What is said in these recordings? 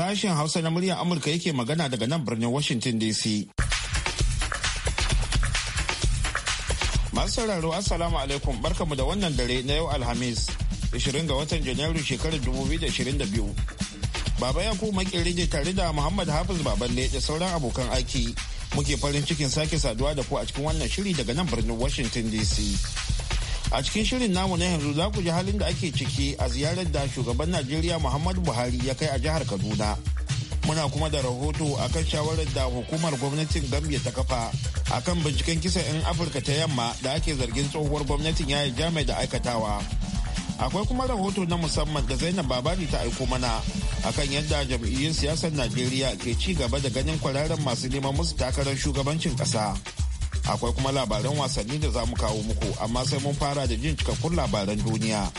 Sashen Hausa na muryar Amurka yake magana daga nan birnin Washington DC. Masu sauraro Assalamu alaikum barkamu da wannan dare na yau Alhamis 20 ga watan Janairu shekarar 2022. Baba Yaku makeri ne tare da Muhammad Hafiz Baballe da sauran abokan aiki. Muke farin cikin sake saduwa da ku a cikin wannan shiri daga nan birnin Washington DC. a cikin shirin namu na yanzu za ku ji halin da ake ciki a ziyarar da shugaban najeriya muhammadu buhari ya kai a jihar kaduna muna kuma da rahoto akan shawarar da hukumar gwamnatin gambia ta kafa akan binciken kisa 'yan afirka ta yamma da ake zargin tsohuwar gwamnatin yi jami'a da aikatawa akwai kuma rahoto na musamman da zainab Babani ta aiko mana akan yadda jam'iyyun siyasar najeriya ke ci gaba da ganin kwararren masu neman musu takarar shugabancin ƙasa. akwai kuma labaran wasanni da za mu kawo muku amma sai mun fara da jin cikakkun labaran duniya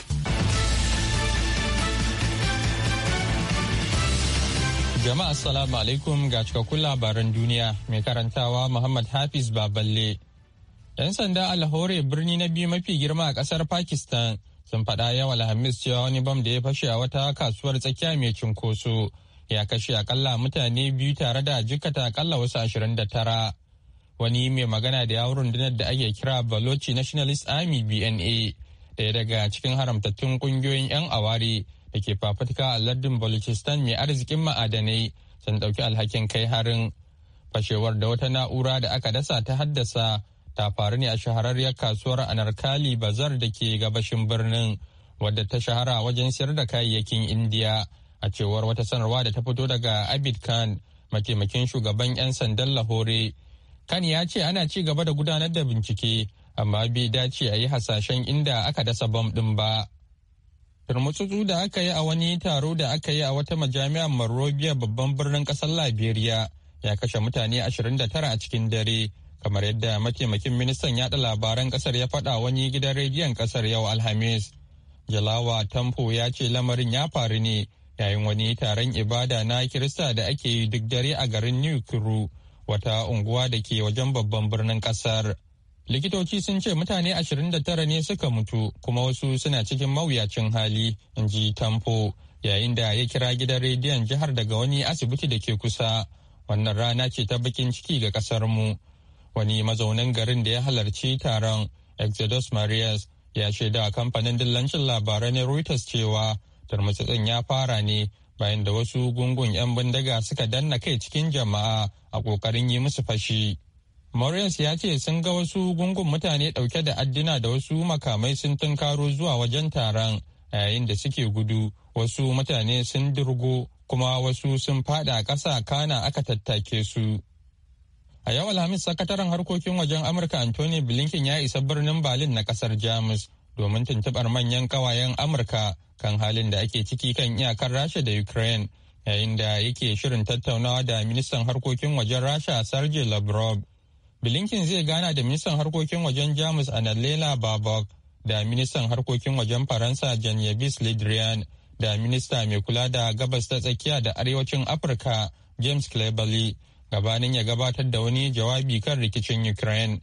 jama'a assalamu alaikum ga cikakkun labaran duniya mai karantawa muhammad hafiz baballe 'yan sanda alhore birni na biyu mafi girma a kasar pakistan sun faɗa yawa alhamis cewa wani bam da ya fashe a wata kasuwar tsakiya mai cunkoso ya kashe akalla mutane biyu tare da jikata akalla wasu ashirin da tara wani mai magana da yawon rundunar da ake kira balochi nationalist army bna daya daga cikin haramtattun kungiyoyin 'yan aware da ke fafutuka a lardin balochistan mai arzikin ma'adanai sun dauki alhakin kai harin fashewar da wata na'ura da aka dasa ta haddasa ta faru ne a shahararriyar kasuwar anarkali bazar da ke gabashin birnin wadda ta shahara wajen sayar da kayayyakin indiya a cewar wata sanarwa da ta fito daga abid khan mataimakin shugaban 'yan sandan lahore kan ya ce ana ci gaba da gudanar da bincike amma bai dace a yi hasashen inda aka dasa bom ɗin ba turmutsutsu da aka yi a wani taro da aka yi a wata majami'ar Monrovia babban birnin ƙasar Liberia ya kashe mutane 29 a cikin dare kamar yadda mataimakin ministan yaɗa labaran ƙasar ya faɗa wani gidan rediyon ƙasar yau Alhamis. Jalawa Tampo ya ce lamarin ya faru ne yayin wani taron ibada na Kirista da ake yi duk dare a garin New Kuru wata unguwa da ke wajen babban birnin kasar. Likitoci sun ce mutane 29 ne suka mutu kuma wasu suna cikin mawuyacin hali, in ji Tampo, yayin da ya kira gidan rediyon jihar daga wani asibiti da ke kusa. Wannan rana ce ta bakin ciki ga kasarmu. Wani mazaunin garin da ya halarci taron Exodus Marias ya shaida kamfanin dillancin labarai na Reuters cewa tarmatsatsin ya fara ne bayan da wasu gungun 'yan bindiga suka danna kai cikin jama'a a ƙoƙarin yi musu fashi. Morales ya ce sun ga wasu gungun mutane ɗauke da addina da wasu makamai sun tunkaro zuwa wajen taron yayin da suke gudu wasu mutane sun dirgo kuma wasu sun fada ƙasa kana aka tattake su. A yau Alhamis sakataren harkokin wajen Amurka Anthony Blinken ya isa birnin Berlin na kasar Jamus domin tuntubar manyan kawayen amurka kan halin da ake ciki kan iyakar rasha da ukraine yayin da yake shirin tattaunawa da ministan harkokin wajen rasha sergei lavrov bilinkin zai gana da ministan harkokin wajen jamus analela babok da ministan harkokin wajen faransa janyevis lidrian da minista mai kula da gabas ta tsakiya da arewacin afirka james cleverly gabanin ya gabatar da wani jawabi kan rikicin ukraine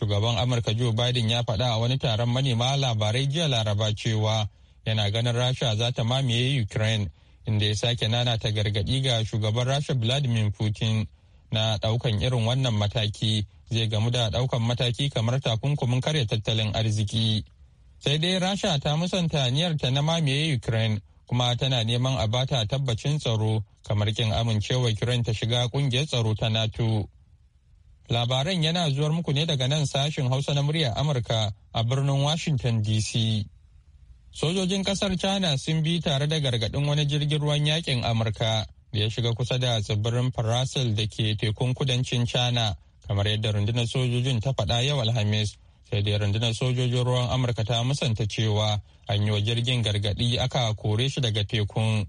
Shugaban Amurka Joe Biden ya faɗa a wani taron manema labarai jiya Laraba cewa yana ganin Rasha za ta mamaye Ukraine inda ya sake nana ta gargaɗi ga shugaban Rasha Vladimir Putin na ɗaukan irin wannan mataki zai gamu da ɗaukan mataki kamar takunkumin karya tattalin arziki. Sai dai Rasha ta musanta ta na mamaye Ukraine kuma tana neman a bata tabbacin tsaro kamar kin amincewa Ukraine ta shiga kungiyar tsaro ta NATO. Labaran yana zuwar muku ne daga nan sashen Hausa na murya Amurka a birnin Washington DC. Sojojin kasar China sun bi tare da gargaɗin wani jirgin ruwan yakin Amurka da ya shiga kusa da tsibirin Farasil da ke tekun kudancin China, kamar yadda rundunar sojojin ta faɗa yau Alhamis. Sai dai rundunar sojojin ruwan Amurka ta musanta cewa an yi wa jirgin gargaɗi aka kore shi daga tekun.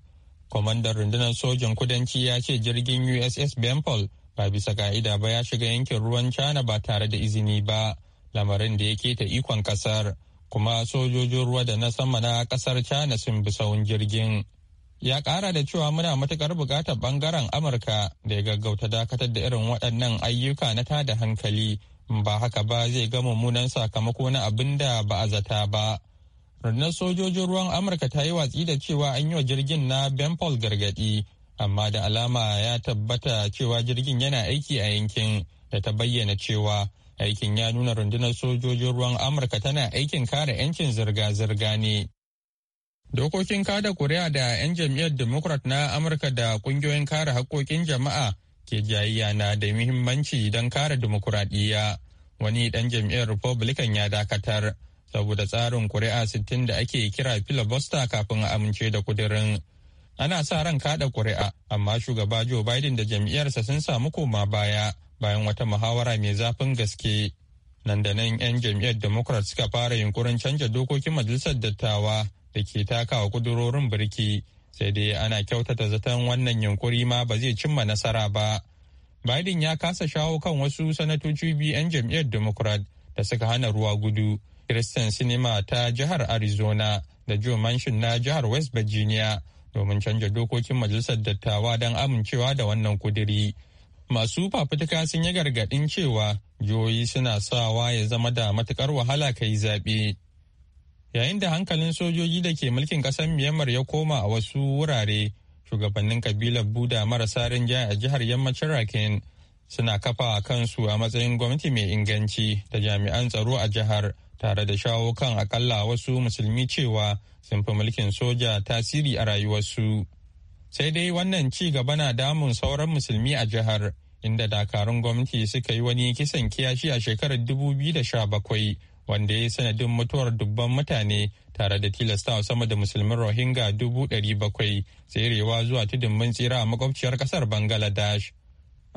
Kwamandan rundunar sojin kudanci ya ce jirgin USS Bemple ba bisa ka'ida ba ya shiga yankin ruwan China ba tare da izini ba lamarin da ya keta ikon kasar kuma sojojin ruwa da na sama na kasar China sun bi sawun jirgin. Ya kara da cewa muna matukar bukatar bangaren Amurka da ya gaggauta dakatar da irin waɗannan ayyuka na tada hankali ba haka ba zai ga mummunan sakamako na abin da ba a zata ba. Rundunar sojojin ruwan Amurka ta yi watsi da cewa an yi wa jirgin na Benpol gargaɗi amma da alama ya tabbata cewa jirgin yana aiki a yankin da ta bayyana cewa aikin ya nuna rundunar sojojin ruwan amurka tana aikin kare 'yancin zirga-zirga ne dokokin kada kuri'a da 'yan jam'iyyar democrat na amurka da kungiyoyin kare haƙƙoƙin jama'a ke jayayya na da muhimmanci don kare dimokuraɗiyya wani ɗan jam'iyyar republican ya dakatar saboda tsarin kuri'a sittin da ake kira filibuster kafin a amince da kudirin ana sa ran kada ƙuri'a amma shugaba joe biden da jam'iyyarsa sun samu koma baya bayan wata muhawara mai zafin gaske nan da nan 'yan jam'iyyar democrat suka fara yunkurin canja dokokin majalisar dattawa da ke takawa kudurorin birki sai dai ana kyautata zaton wannan yunkuri ma ba zai cimma nasara ba biden ya kasa shawo kan wasu sanatoci biyu 'yan jam'iyyar democrat da suka hana ruwa gudu christian sinima ta jihar arizona da joe manchin na jihar west virginia domin canja dokokin majalisar dattawa don amincewa da wannan kuduri. Masu fafutuka sun yi gargaɗin cewa jihohi suna sawa ya zama da matukar wahala ka zaɓe. Yayin da hankalin sojoji da ke mulkin ƙasar Myanmar ya koma a wasu wurare, shugabannin kabilar Buda marasa rinjaye a jihar yammacin Rakin suna kafa kansu a matsayin gwamnati mai inganci da jami'an tsaro a jihar. tare da shawo kan akalla wasu musulmi cewa sun fi mulkin soja tasiri a rayuwarsu. Sai dai wannan ci gaba na damun sauran musulmi a jihar, inda dakarun gwamnati suka yi wani kisan kiyashi a shekarar 2017 wanda ya sanadin mutuwar dubban mutane tare da tilastawa sama da musulmin Rohingya 700,000 tserewa zuwa tudun mun tsira a makwabciyar kasar Bangladesh.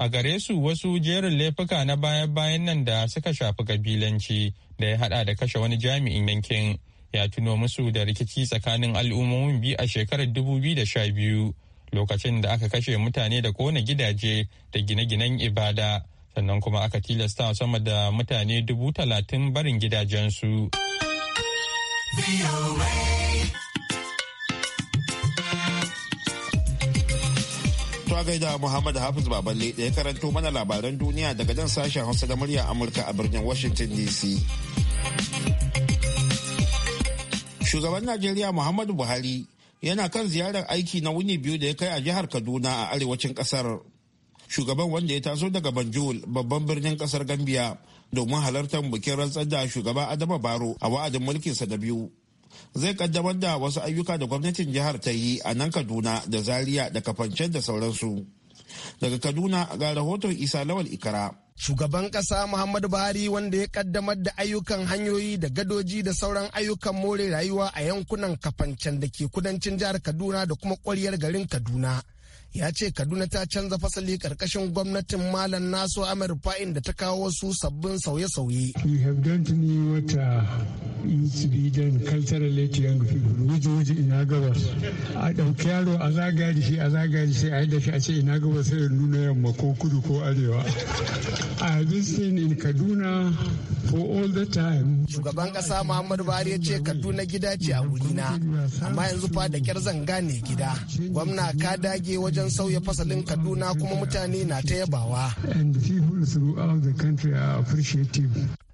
a gare su wasu jerin laifuka na baya-bayan nan da suka shafi kabilanci da ya hada da kashe wani jami'in yankin ya tuno musu da rikici tsakanin al'ummomin biyu a shekarar 2012 lokacin da aka kashe mutane da kona gidaje da gine-ginen ibada sannan kuma aka tilasta sama da mutane dubu talatin barin gidajensu. To gaida Muhammad Hafiz Baballe da ya karanto mana labaran duniya daga jan sashen Hausa da murya Amurka a birnin Washington DC. Shugaban Najeriya Muhammadu Buhari yana kan ziyarar aiki na wuni biyu da ya kai a jihar Kaduna a arewacin kasar. Shugaban wanda ya taso daga Banjul babban birnin kasar Gambia domin halartar bikin rantsar da shugaba Adama Baro a wa'adin mulkinsa da biyu. zai kaddamar da wasu ayyuka da gwamnatin jihar ta yi a nan kaduna da zaria da kafancen da sauransu daga kaduna ga rahoton isa lawal ikara shugaban ƙasa muhammadu buhari wanda ya kaddamar da ayyukan hanyoyi da gadoji da sauran ayyukan more rayuwa a yankunan kafancen da ke kudancin jihar kaduna da kuma ƙwaryar garin kaduna ya ce kaduna ta canza fasali karkashin gwamnatin malam nasu amir fa'in da ta kawo wasu sabbin sauye-sauye uh, ina gabas a kaduna shugaban kasa muhammadu buhari ya ce kaduna gida ce a wuri na amma yanzu fa da kyar zanga ne gida gwamna ka dage wajen wajen sauya fasalin Kaduna kuma mutane na ta yabawa.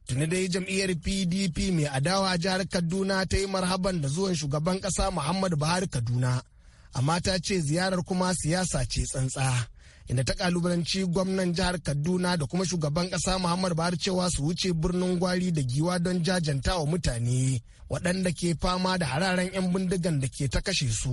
Tuni dai jam'iyyar PDP mai adawa jihar Kaduna ta yi marhaban da zuwan shugaban ƙasa Muhammadu Buhari Kaduna, amma ta ce ziyarar kuma siyasa ce tsantsa. inda ta kalubalanci gwamnan jihar kaduna da kuma shugaban kasa muhammadu buhari cewa su wuce birnin gwari da giwa don jajanta wa mutane waɗanda ke fama da hararen 'yan bindigan da ke ta kashe su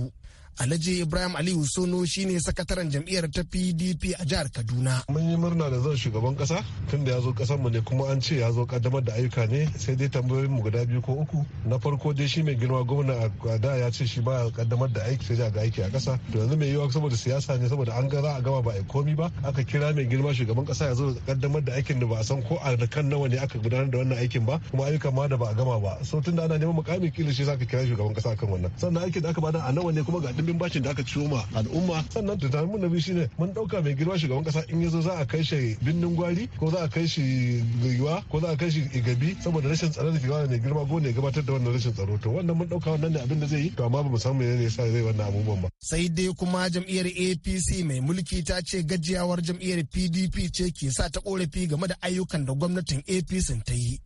Alhaji Ibrahim Aliyu Sono shine sakataren jam'iyyar ta PDP a jihar Kaduna. Mun yi murna da zan shugaban kasa tun da ya zo kasar mu ne kuma an ce ya zo kaddamar da ayyuka ne sai dai tambayoyin mu guda biyu ko uku. Na farko dai shi mai girma gwamna a da ya ce shi ba kaddamar da aiki sai ga aiki a kasa. To yanzu mai yiwuwa saboda siyasa ne saboda an ga za a gama ba a komi ba aka kira mai girma shugaban kasa ya zo kaddamar da aikin da ba a san ko a kan nawa ne aka gudanar da wannan aikin ba kuma ayyuka ma da ba a gama ba. So tun da ana neman mukamin kila shi za ka kira shugaban kasa kan wannan. Sannan aikin da aka bada a nawa ne kuma ga kundin bashin da aka ciwo ma al'umma sannan da tamu na biyu shine mun dauka mai girma shugaban kasa in yazo za a kai shi binnin gwari ko za a kai shi gwiwa ko za a kai shi igabi saboda rashin tsaro da kiwa ne girma gone gabatar da wannan rashin tsaro to wannan mun dauka wannan ne abin da zai yi to amma ba mu san me ne yasa zai wannan abubuwan ba sai dai kuma jam'iyyar APC mai mulki ta ce gajiyawar jam'iyyar PDP ce ke sa ta korafi game da ayyukan da gwamnatin APC ta yi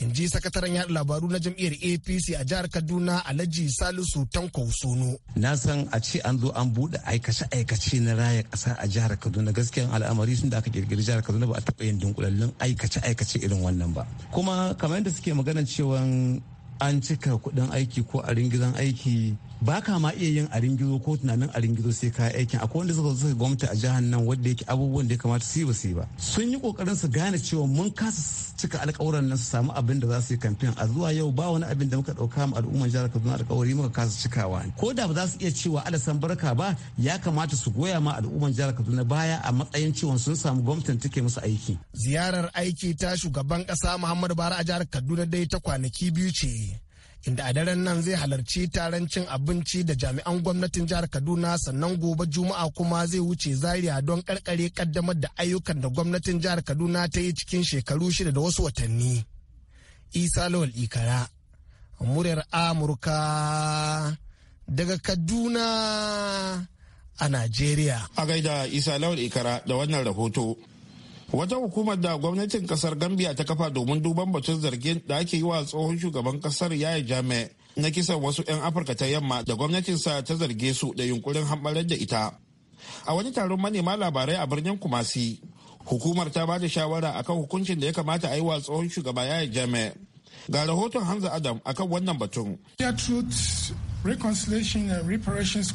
in ji sakataren yaɗa labaru na jam'iyyar apc a jihar kaduna alhaji salisu tanko sono na san a ce an zo an buɗe aikace aikace na raya ƙasa a jihar kaduna gaskiyan al'amari sun da aka kirkiri jihar kaduna ba a taɓa yin dunkulallun aikace aikace irin wannan ba kuma kamar yadda suke maganar cewa an cika kuɗin aiki ko a ringizan aiki ba ka ma iya yin a ringizo ko tunanin a ringizo sai ka aikin akwai wanda suka zo gwamnati a jihar nan wanda yake abubuwan da ya kamata su yi ba su yi ba sun yi kokarin su gane cewa mun kasa cika alkawuran nan su samu abin da za su yi kamfen a zuwa yau ba wani abin da muka dauka mu al'umman jihar Kaduna alkawari muka kasa cikawa ko da ba za su iya cewa alasan barka ba ya kamata su goya ma al'umman jihar Kaduna baya a matsayin cewa sun samu gwamnatin take musu aiki ziyarar aiki ta shugaban kasa Muhammadu bara a jihar Kaduna dai ta kwanaki biyu ce inda a daren nan zai halarci taron cin abinci da jami'an gwamnatin jihar kaduna sannan gobe juma'a kuma zai wuce zaria don karkare kaddamar da ayyukan da gwamnatin jihar kaduna ta yi cikin shekaru shida da wasu watanni isa lawal ikara muryar amurka daga kaduna a najeriya a gaida isa lawal ikara da wannan rahoto wata hukumar da gwamnatin kasar gambia ta kafa domin duban batun zargin da ake yi wa tsohon shugaban kasar yaya jame na kisan wasu 'yan afirka ta yamma da sa ta zarge su da yunkurin hambarar da ita a wani taron manema labarai a birnin kumasi hukumar ta ba da shawara akan hukuncin da ya kamata a yi wa tsohon shugaba yaya jame ga rahoton hanza adam akan wannan batun truth and reparations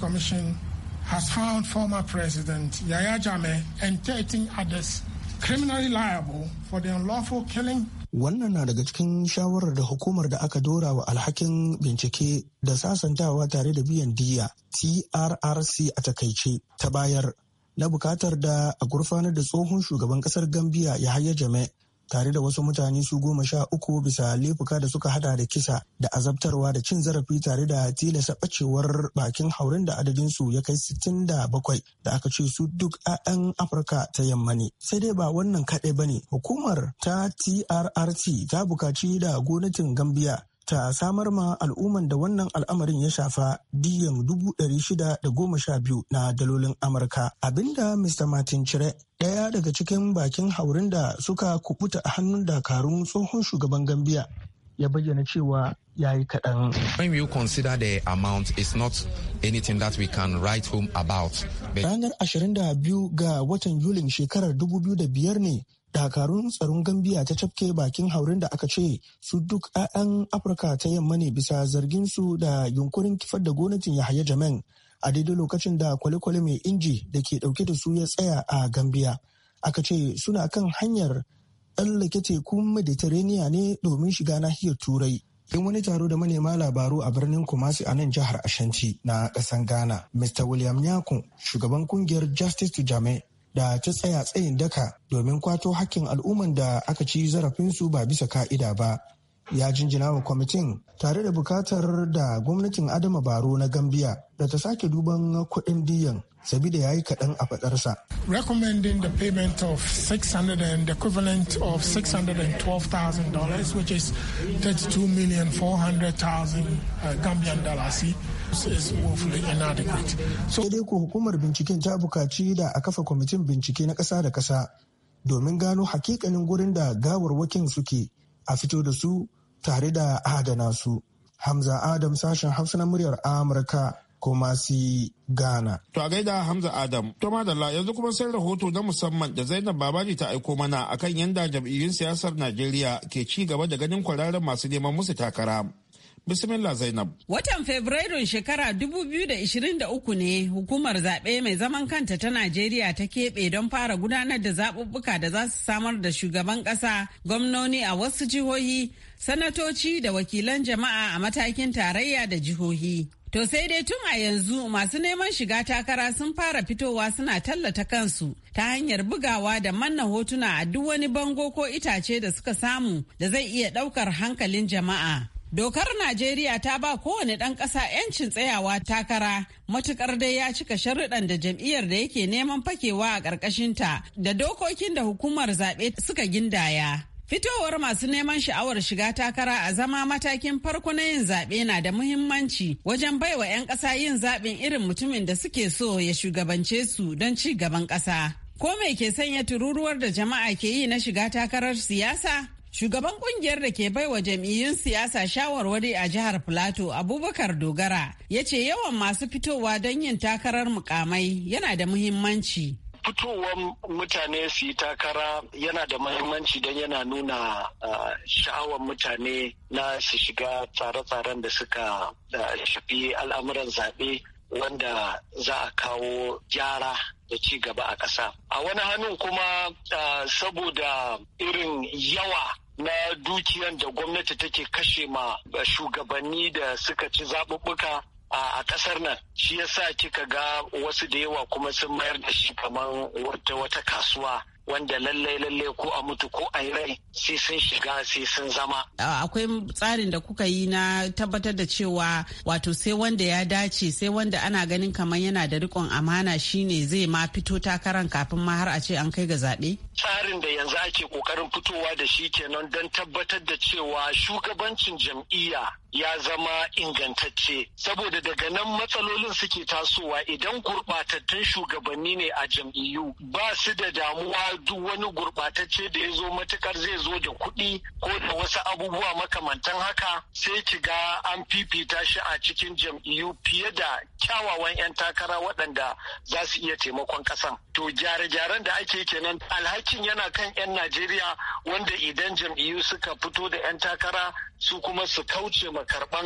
has found former president yaya jame and 13 others criminally liable for the unlawful killing wannan na daga cikin shawarar da hukumar da aka dora wa alhakin bincike da sasantawa tare da biyan diya trrc a takaice ta bayar na bukatar da a gurfanar da tsohon shugaban kasar gambia ya haya jame tare da wasu mutane su goma sha uku bisa laifuka da suka hada da kisa da azabtarwa da cin zarafi tare da tilasta bacewar bakin haurin da su ya kai sittin da bakwai da aka ce su duk 'ya'yan afirka ta yamma ne sai dai ba wannan kaɗai ba ne hukumar ta trrt ta bukaci da gwamnatin gambia ta samar ma al'umman da wannan al'amarin ya shafa DM dubu ɗari shida da goma sha biyu na dalolin amurka abinda mr martin cire ɗaya daga cikin bakin haurin da suka kubuta a hannun dakarun tsohon shugaban gambia ya bayyana cewa ya yi kaɗan. When you consider the amount, is not anything that we can write home about. Ranar 22 ga watan Yulin shekarar 2005 ne dakarun tsaron gambia ta cafke bakin haurin da aka ce su duk 'ya'yan afirka ta yamma ne bisa zargin su da yunkurin kifar da gwamnatin yahaya jamen a daidai lokacin da kwale-kwale mai inji da ke dauke da su ya tsaya a gambia aka ce suna kan hanyar tsallake tekun mediterania ne domin shiga nahiyar turai in wani taro da manema labaru a birnin kumasi a nan jihar ashanti na kasan ghana mr william nyako shugaban kungiyar justice to jame da ta tsaya tsayin daka domin kwato hakkin al'umman da aka ci zarafinsu ba bisa ka'ida ba ya jinjina wa kwamitin tare da bukatar da gwamnatin adama baro na gambia da ta sake duban kuɗin diyan sabida ya yi kaɗan a faɗarsa. recommending the payment of 600 and the equivalent of $612,000 which is 32,400,000 uh, gambian dollars is woefully inadequate. Sai dai ko hukumar binciken ta bukaci da a kafa kwamitin bincike na ƙasa da ƙasa domin gano hakikanin gurin da gawarwakin suke a fito da su tare da adana su. Hamza Adam sashen Hausa na muryar Amurka kuma si Ghana. To a gaida Hamza Adam, to madalla yanzu kuma sai rahoto na musamman da Zainab Babaji ta aiko mana akan yanda jam'iyyun siyasar Najeriya ke ci gaba da ganin kwararren masu neman musu takara. Bismillah Zainab. Watan Fabrairun shekara 2023 ne hukumar zaɓe mai zaman kanta ta Najeriya ta keɓe don fara gudanar da zaɓuɓɓuka da za su samar da shugaban ƙasa, gwamnoni a wasu jihohi, sanatoci da wakilan jama'a a matakin tarayya da jihohi. To sai dai tun a yanzu masu neman shiga takara sun fara fitowa suna tallata kansu ta hanyar bugawa da manna hotuna a duk wani bango ko itace da suka samu da zai iya ɗaukar hankalin jama'a. Dokar Najeriya ta ba kowane ɗan ƙasa 'yancin tsayawa takara matukar dai ya cika sharuɗan da jam'iyyar da yake neman fakewa a ƙarƙashinta da dokokin da hukumar zaɓe suka gindaya. Fitowar masu neman sha'awar shiga takara a zama matakin farko na yin zaɓe na da muhimmanci wajen baiwa 'yan ƙasa yin zaɓin irin mutumin da suke so ya shugabance su don ci gaban ƙasa. Ko me ke sanya tururuwar da jama'a ke yi na shiga takarar siyasa? Shugaban kungiyar da ke baiwa jam'iyyun siyasa shawarwari a jihar Filato Abubakar Dogara ya ce yawan masu fitowa don yin takarar mukamai yana da muhimmanci. fitowar mutane su yi takara yana da mahimmanci don yana nuna ah, sha'awar mutane na su shiga tsare-tsaren da suka shafi al'amuran zaɓe wanda za a kawo gyara da ci gaba a ƙasa. A wani hannun kuma ah, saboda irin yawa na dukiyan da gwamnati take kashe ma shugabanni da suka ci zaɓuɓɓuka a ƙasar nan shi yasa kika ga wasu da yawa kuma sun mayar da shi kamar wata kasuwa wanda lallai lallai ko a mutu ko a rai sai sun shiga sai sun zama. Akwai tsarin da kuka yi na tabbatar da cewa wato sai wanda ya dace sai wanda ana ganin kamar yana da rikon amana shine zai ma fito takaran kafin ma har a ce an kai ga zaɓe? tsarin da yanzu ake kokarin fitowa da shi kenan don tabbatar da cewa shugabancin jam'iyya ya zama ingantacce saboda daga nan matsalolin suke tasowa idan gurɓatattun shugabanni ne a jam'iyyu ba su da damuwa duk wani gurɓatacce da ya zo matukar zai zo da kuɗi ko da wasu abubuwa makamantan haka sai ki ga an fifita shi a cikin jam'iyyu fiye da kyawawan 'yan takara waɗanda za su iya taimakon ƙasan to gyare-gyaren da ake kenan alhaki hakkin yana kan 'yan najeriya wanda idan jam'iyyu suka fito da 'yan takara su kuma su kauce ma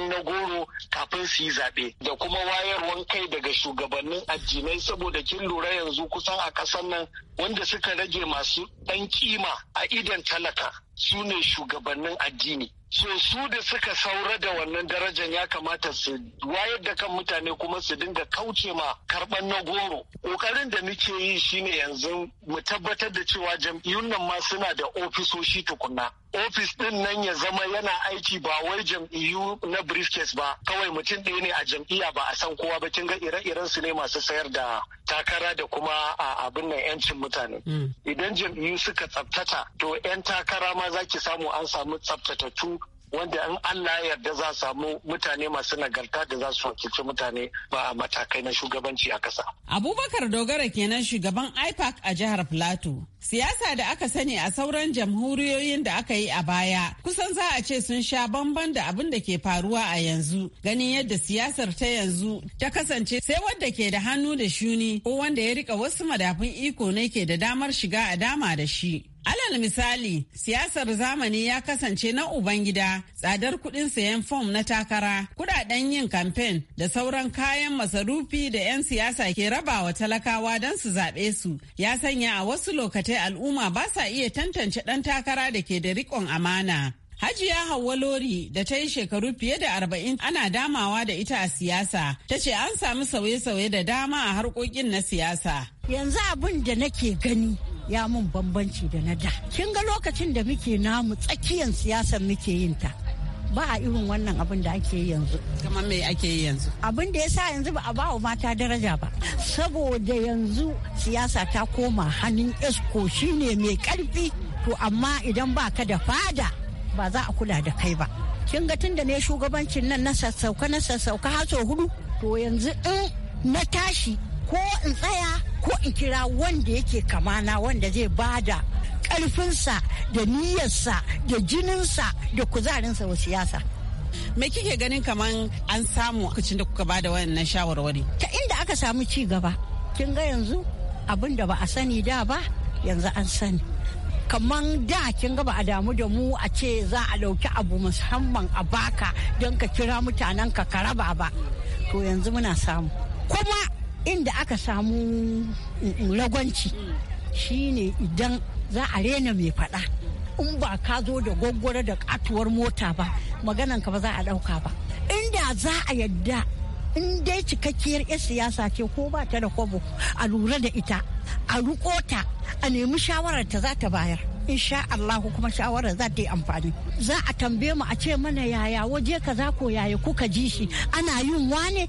na goro kafin su yi zaɓe da kuma wayarwan kai daga shugabannin addinai saboda kin lura yanzu kusan a ƙasar nan wanda suka rage masu ɗan kima a idon talaka su ne shugabannin addini so su da suka saura da wannan darajar ya kamata su wayar da kan mutane kuma su dinga kauce ma karban na goro kokarin da muke yi shine yanzu mu tabbatar da cewa jam'iyyun nan ma suna da ofisoshi tukunna ofis din nan ya zama yana aiki ba wai jam'iyyu na briefcase ba kawai mutum ɗaya ne a jam'iyya ba a san kowa ba kin ga ire-iren su ne masu sayar da takara da kuma a abin nan yancin mutane mm. idan jam'iyyu suka tsabtata to 'yan takara ma za ki samu an samu tsabtatattu wanda in Allah ya yarda za samu mutane masu nagarta da za su wakilci mutane ba a matakai na shugabanci a ƙasa. Abubakar Dogara kenan shugaban IPAC a jihar Plateau. Siyasa da aka sani a sauran jamhuriyoyin da aka yi a baya kusan za a ce sun sha bamban da abin da ke faruwa a yanzu ganin yadda siyasar ta yanzu ta kasance sai wanda ke da hannu da shuni ko wanda ya rika wasu madafun iko ne ke da damar shiga a dama da shi. Alal misali, siyasar zamani ya kasance na Ubangida, tsadar kuɗin sayan fom na takara, kuɗaɗen yin kamfen da sauran kayan masarufi da 'yan siyasa ke rabawa talakawa don su zaɓe su, ya sanya a wasu lokatai al'umma ba sa iya tantance ɗan takara da ke da rikon amana. Hajiya Hauwa Lori da ta yi shekaru fiye da arba'in ana damawa da ita a siyasa, ta ce an samu sauye-sauye da dama a harkokin na siyasa. Yanzu abin da nake gani ya mun bambanci da na da kin ga lokacin da muke namu tsakiyan siyasan muke yin ta ba a irin wannan abin da ake yi yanzu. Kamar me ake yi yanzu? Abin da ya sa yanzu ba a ba wa mata daraja ba. Saboda yanzu siyasa ta koma hannun esko shi ne mai karfi. To amma idan ba ka da fada ba za a kula da kai ba. Kin ga tun da ne shugabancin nan na sassauka na sassauka har hudu. To yanzu in na tashi ko in tsaya ko in kira wanda yake kamana wanda zai bada karfinsa da niyyarsa da jininsa da kuzarinsa wa siyasa me kike ganin kaman an samu kucin da kuka bada wannan shawarwari ta inda aka samu ci gaba kin ga yanzu abin da ba a sani da ba yanzu an sani kaman da kin ga ba a damu da mu a ce za a ɗauki abu musamman a baka don ka kira mutanen ka karaba ba to yanzu muna samu kuma inda aka samu ragwanci shine idan za a rena mai faɗa in ba ka zo da gwaggwara da katuwar mota ba maganan ka ba za a ɗauka ba inda za a yadda in dai cikakkiyar 'yan siyasa ce ko ba ta da kwabo a lura da ita a ruko ta a nemi shawarar ta za ta bayar insha Allah kuma shawarar za ta yi amfani za a tambaye mu a ce mana yaya waje za ko yaya kuka ji shi ana yin wane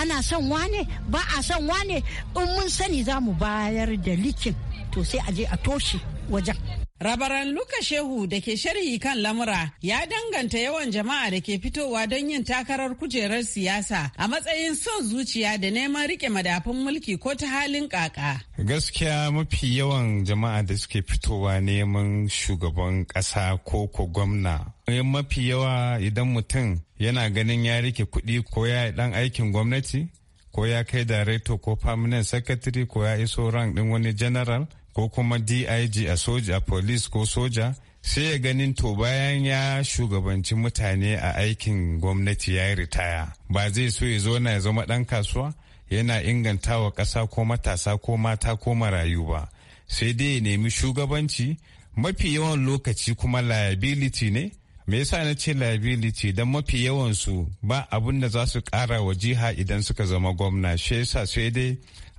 ana son wane ba a son wane in mun sani za mu bayar da likin to sai a je a toshe wajen Rabaran Luka Shehu da ke sharhi kan lamura ya danganta yawan jama'a da ke fitowa don yin takarar kujerar siyasa a matsayin son zuciya da neman rike madafun mulki ko ta halin kaka. Gaskiya mafi yawan jama'a da suke fitowa neman shugaban ƙasa ko ko gwamna. Eh, mafi yawa idan mutum yana ganin ya rike kuɗi ko ya yi ɗan aikin gwamnati ko ya kai director ko permanent secretary ko ya iso rank ɗin wani general. ko kuma dig a soja a police ko soja sai ya ganin to bayan ya shugabanci mutane a aikin gwamnati ya yi ritaya ba zai so ya zo na ya zama dan kasuwa yana inganta wa ƙasa ko matasa ko mata ko marayu ba sai dai ya nemi shugabanci mafi yawan lokaci kuma liability ne me yasa na ce liability don mafi yawansu ba abun da za su kara wa jiha idan suka zama gwamna shi yasa sai dai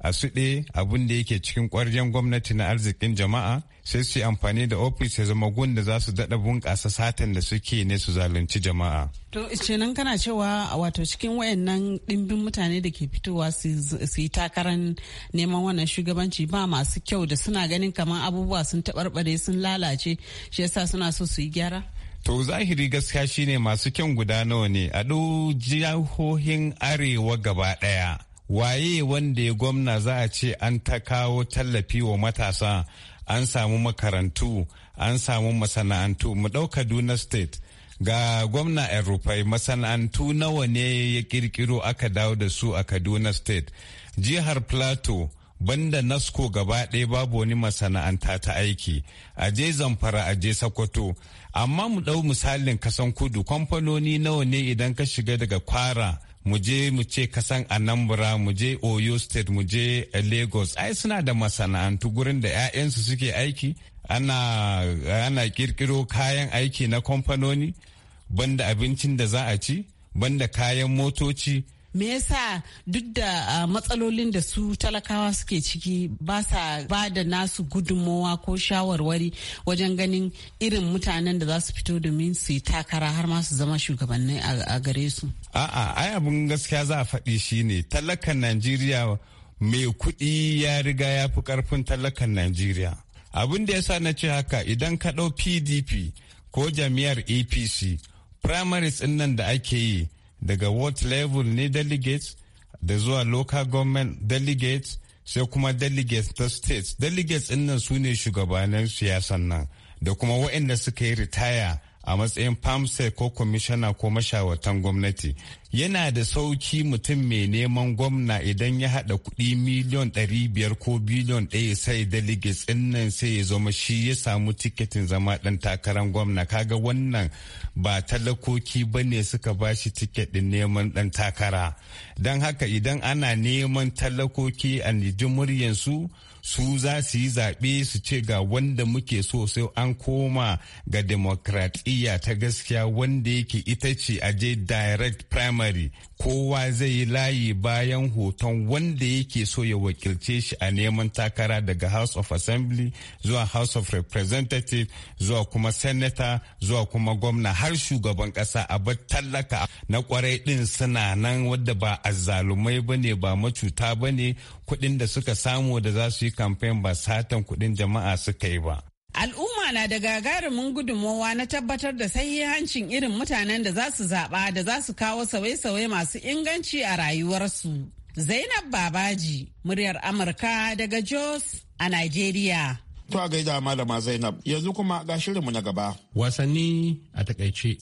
a suɗe abun da yake cikin ƙwarjen gwamnati na arzikin jama'a sai su yi amfani da ofis ya zama gun da za su daɗa bunƙasa satan da suke ne su zalunci jama'a. To kenan kana cewa wato cikin wayannan ɗimbin mutane da ke fitowa su yi takarar neman wannan shugabanci ba masu kyau da suna ganin kamar abubuwa sun taɓarɓare sun lalace shi yasa suna so su yi gyara? To zahiri gaskiya shine masu kyan guda nawa ne a jihohin arewa gaba ɗaya. Waye wanda ya gwamna za a ce an ta kawo tallafi wa matasa an samu makarantu an samu masana'antu mu ɗauka Kaduna State. Ga gwamna rufai masana'antu nawa ne ya ƙirƙiro aka dawo da su a Kaduna State. Jihar Plateau banda nasko gaba ɗaya babu wani masana'anta ta aiki a je zamfara a je sokoto amma mu ɗau misalin kasan kudu kamfanoni nawa ne idan ka shiga daga kwara mu je mu ce kasan anambra mu je oyo state mu je lagos ai suna da masana'antu gurin da 'ya'yansu suke aiki ana ana kirkiro kayan aiki na kamfanoni banda abincin da za a ci banda kayan motoci me yasa duk da ah, matsalolin da su talakawa suke ciki ba sa ba da nasu gudunmowa ko shawarwari wajen ganin irin mutanen da za su fito domin su yi takara har ma su zama shugabanni a gare su a'a ai abin gaskiya za a faɗi shine talakan najeriya mai kuɗi ya riga ya fi ƙarfin talakan najeriya abin da yasa na ce haka idan ka ɗau pdp ko jami'ar apc primaries nan da ake yi daga ward level ne delegates da zuwa local government delegates sai kuma delegates ta states delegates ɗin nan su ne shugabannin siyasan nan da kuma waɗanda suka yi ritaya a matsayin famsec ko commissioner ko mashawartan gwamnati yana da sauki mutum mai neman gwamna idan ya haɗa kuɗi miliyon ɗari biyar ko biliyon ɗaya sai delegates ɗin nan sai ya zama shi ya samu tiketin zama ɗan takarar gwamna kaga wannan ba talakoki ba ne suka ba shi tiketin neman ɗan takara don haka idan ana neman talakoki a niji su za su yi zaɓe su ce ga wanda muke so sai an koma ga demokradiyya ta gaskiya wanda yake ita ce a je direct prime lamari kowa zai yi layi bayan hoton wanda yake so ya wakilce shi a neman takara daga house of assembly zuwa house of representative zuwa kuma senator zuwa kuma gwamna har shugaban kasa a bar tallaka na kwarai din suna nan wadda ba azzalumai ba ne ba macuta ba ne kudin da suka samu da za su yi kamfen ba satan kudin jama'a suka yi ba. na da gagarumin gudunmowa na tabbatar da sahihancin irin mutanen da za su zaɓa da za su kawo sauye-sauye masu inganci a rayuwarsu. Zainab Babaji, muryar Amurka daga Jos a Najeriya. To a gaida malama Zainab, yanzu kuma ga shirinmu na gaba. Wasanni a takaice.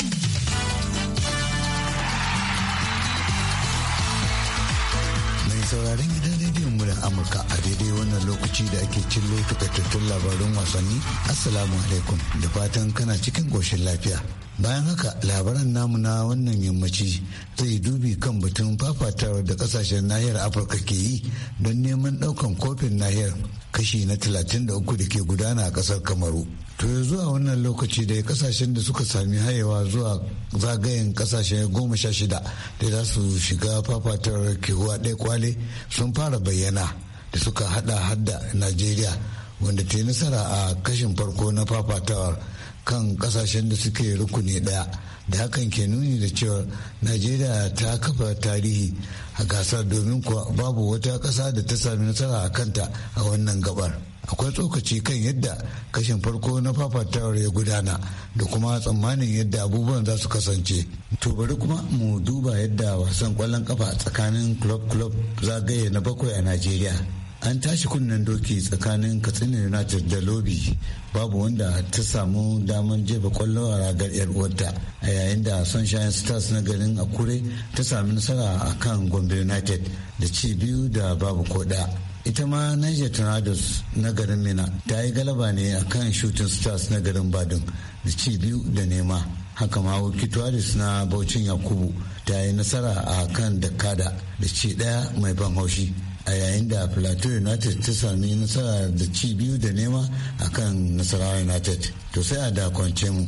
amurka a daidai wannan lokaci da ake cin takaitattun labarun wasanni assalamu alaikum da fatan kana cikin goshin lafiya bayan haka labaran namu na wannan yammaci zai dubi kan batun fafatawar da kasashen nahiyar afirka ke yi don neman daukan kofin nahiyar kashi na 33 da ke gudana a kasar kamaru to ya zuwa wannan lokaci da kasashen da suka sami hayewa zuwa zagayen kasashen goma sha shida da za su shiga fafatawar kewa ɗaya kwale sun fara bayyana da suka hada hadda najeriya wanda ta yi nasara a kashin farko na fafatawar kan kasashen da suke rukuni daya da hakan ke nuni da cewa najeriya ta kafa tarihi a gasar domin kuwa babu wata kasa da ta sami nasara a kanta a wannan gabar akwai tsokaci kan yadda kashin farko na fafatawar ya gudana da kuma tsammanin yadda abubuwan za su kasance to bari kuma mu duba yadda wasan kwallon kafa tsakanin club club zagaye na bakwai a najeriya an tashi kunnen doki tsakanin katsina united da lobi babu wanda ta samu damar jefa kwallo a ragar yar uwarta a yayin da sunshine stars na garin akure ta sami nasara a kan gombe united da ci biyu da babu koda ita ma niger tornadoes na garin mina ta yi galaba ne a kan shooting stars na garin badin da ci biyu da nema haka ma wikitoris na baucin yakubu ta yi nasara a kan dakada da ci daya mai ban haushi a yayin da plateau united ta sami nasara da ci biyu da nema a kan nasarawa united to sai a da kwance mu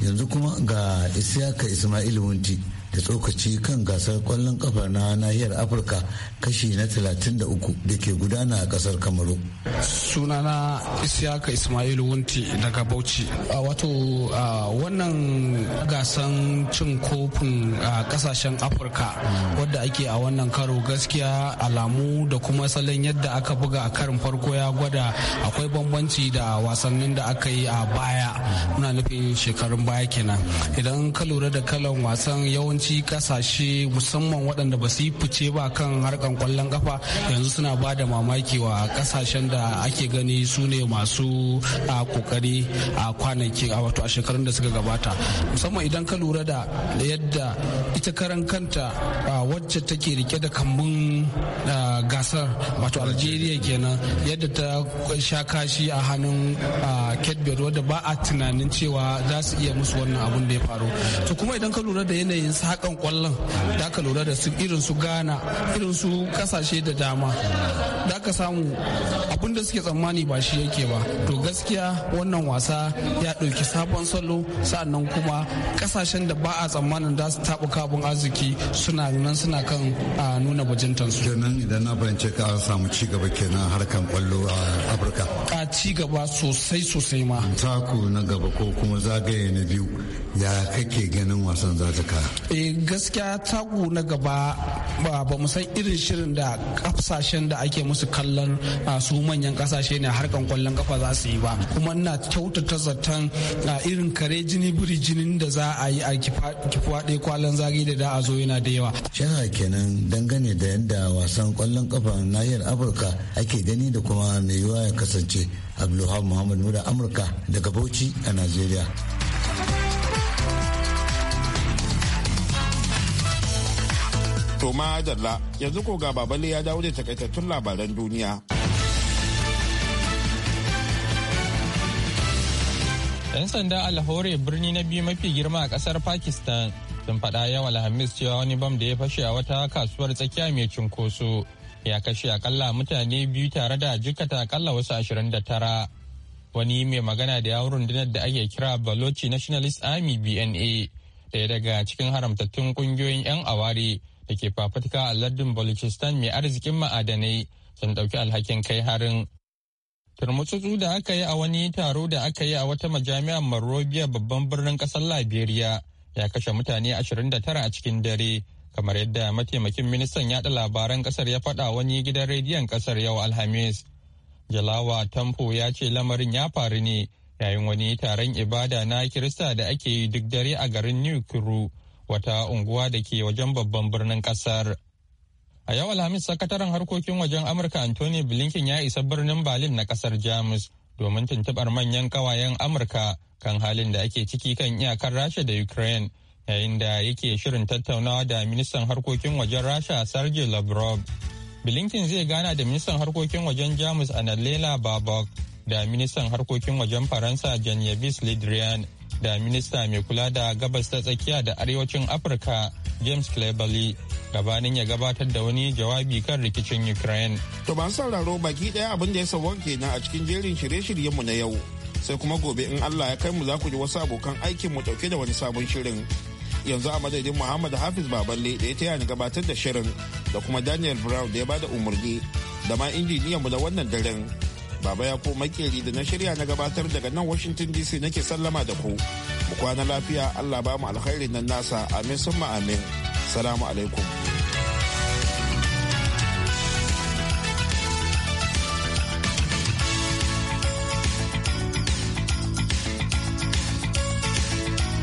yanzu kuma ga isiyaka ismail wunti da tsokaci kan gasar kwallon kafa na nahiyar afirka kashi na 33 da ke gudana a kasar kamaru sunana isyaka ismail wunti daga bauchi wato wannan gasan cin kofin a kasashen afirka wadda ake a wannan karo gaskiya alamu da kuma salon yadda aka buga a karin farko ya gwada akwai bambanci da wasannin da aka yi a baya muna nufin shekarun baya kenan idan ka lura da kalan wasan yawanci yawanci kasashe musamman waɗanda ba su yi fice ba kan harkan kwallon kafa yanzu suna ba da mamaki wa kasashen da ake gani su ne masu kokari a kwanaki a wato a shekarun da suka gabata musamman idan ka lura da yadda ita karan kanta wacce take rike da kambun gasar wato algeria kenan yadda ta sha kashi a hannun wadda ba a tunanin cewa za su iya musu wannan abun da ya faru to kuma idan ka lura da yanayin sa hakan kwallon da ka lura da su irin su ghana irin su kasashe da dama da ka samu abin da suke tsammani ba shi yake ba to gaskiya wannan wasa ya ɗauki sabon salo sa'annan kuma kasashen da ba a tsammanin da su taɓa kabin arziki suna nan suna kan nuna bajintansu kenan idan na fahimce ka samu ci gaba kenan harkan kwallo a afirka a ci gaba sosai sosai ma taku na gaba ko kuma zagaye na biyu ya kake ganin wasan za Eh, gaskiya tagu na gaba ba mu san irin shirin da kasashen da ake musu kallon su manyan kasashe ne harkan kwallon kafa za su yi ba kuma ina kyautata zaton a irin kare jini biri jinin da za a yi a kifaɗe kwallon zagi da da a zo yana da yawa shana kenan dangane da yadda wasan kwallon kafa nahiyar afirka ake gani da kuma mai yiwuwa ya kasance abdulhamid muhammad muda amurka daga bauchi a najeriya To ma jalla yanzu ko ga babale ya dawo da takaitattun labaran duniya. Yan sanda alhore birni na biyu mafi girma a kasar Pakistan sun faɗa yau Alhamis cewa wani bam da ya fashe a wata kasuwar tsakiya mai cunkoso ya kashe akalla mutane biyu tare da jikata akalla wasu ashirin da tara. Wani mai magana da yawon rundunar da ake kira Balochi Nationalist Army BNA daya daga cikin haramtattun kungiyoyin 'yan aware da ke fafutuka a lardin Balochistan mai arzikin ma'adanai sun ɗauki alhakin kai harin. Turmutsutsu da aka yi a wani taro da aka yi a wata majami'ar Monrovia babban birnin ƙasar Liberia ya kashe mutane 29 a cikin dare kamar yadda mataimakin ministan yaɗa labaran ƙasar ya faɗa wani gidan rediyon ƙasar yau Alhamis. Jalawa Tampo ya ce lamarin ya faru ne yayin wani taron ibada na Kirista da ake yi duk dare a garin New Kuru wata unguwa da ke wajen babban birnin kasar. A yau Alhamis sakataren harkokin wajen Amurka Anthony Blinken ya isa birnin Berlin na kasar Jamus domin tuntubar manyan kawayen Amurka kan halin da ake ciki kan iyakar Rasha da Ukraine yayin da yake shirin tattaunawa da ministan harkokin wajen Rasha Sergei Lavrov. Blinken zai gana da ministan harkokin wajen Jamus Annalena Babok da ministan harkokin wajen Faransa Jean-Yves Le Drian da minista mai kula da gabas ta tsakiya da arewacin afirka james cleverly gabanin ya gabatar da wani jawabi kan rikicin ukraine to ban sauraro baki daya abin da ya sauwan kenan a cikin jerin shirye shiryen mu na yau sai kuma gobe in allah ya kai mu za ku ji wasu abokan aikin mu dauke da wani sabon shirin yanzu a madadin muhammad hafiz baballe da ya taya ni gabatar da shirin da kuma daniel brown da ya bada umarni da ma mu da wannan daren Baba ya ko makeri da na shirya na gabatar daga nan Washington DC nake sallama da ku. Mu kwana lafiya Allah ba mu alkhairi nan nasa amin summa amin. Salamu alaikum.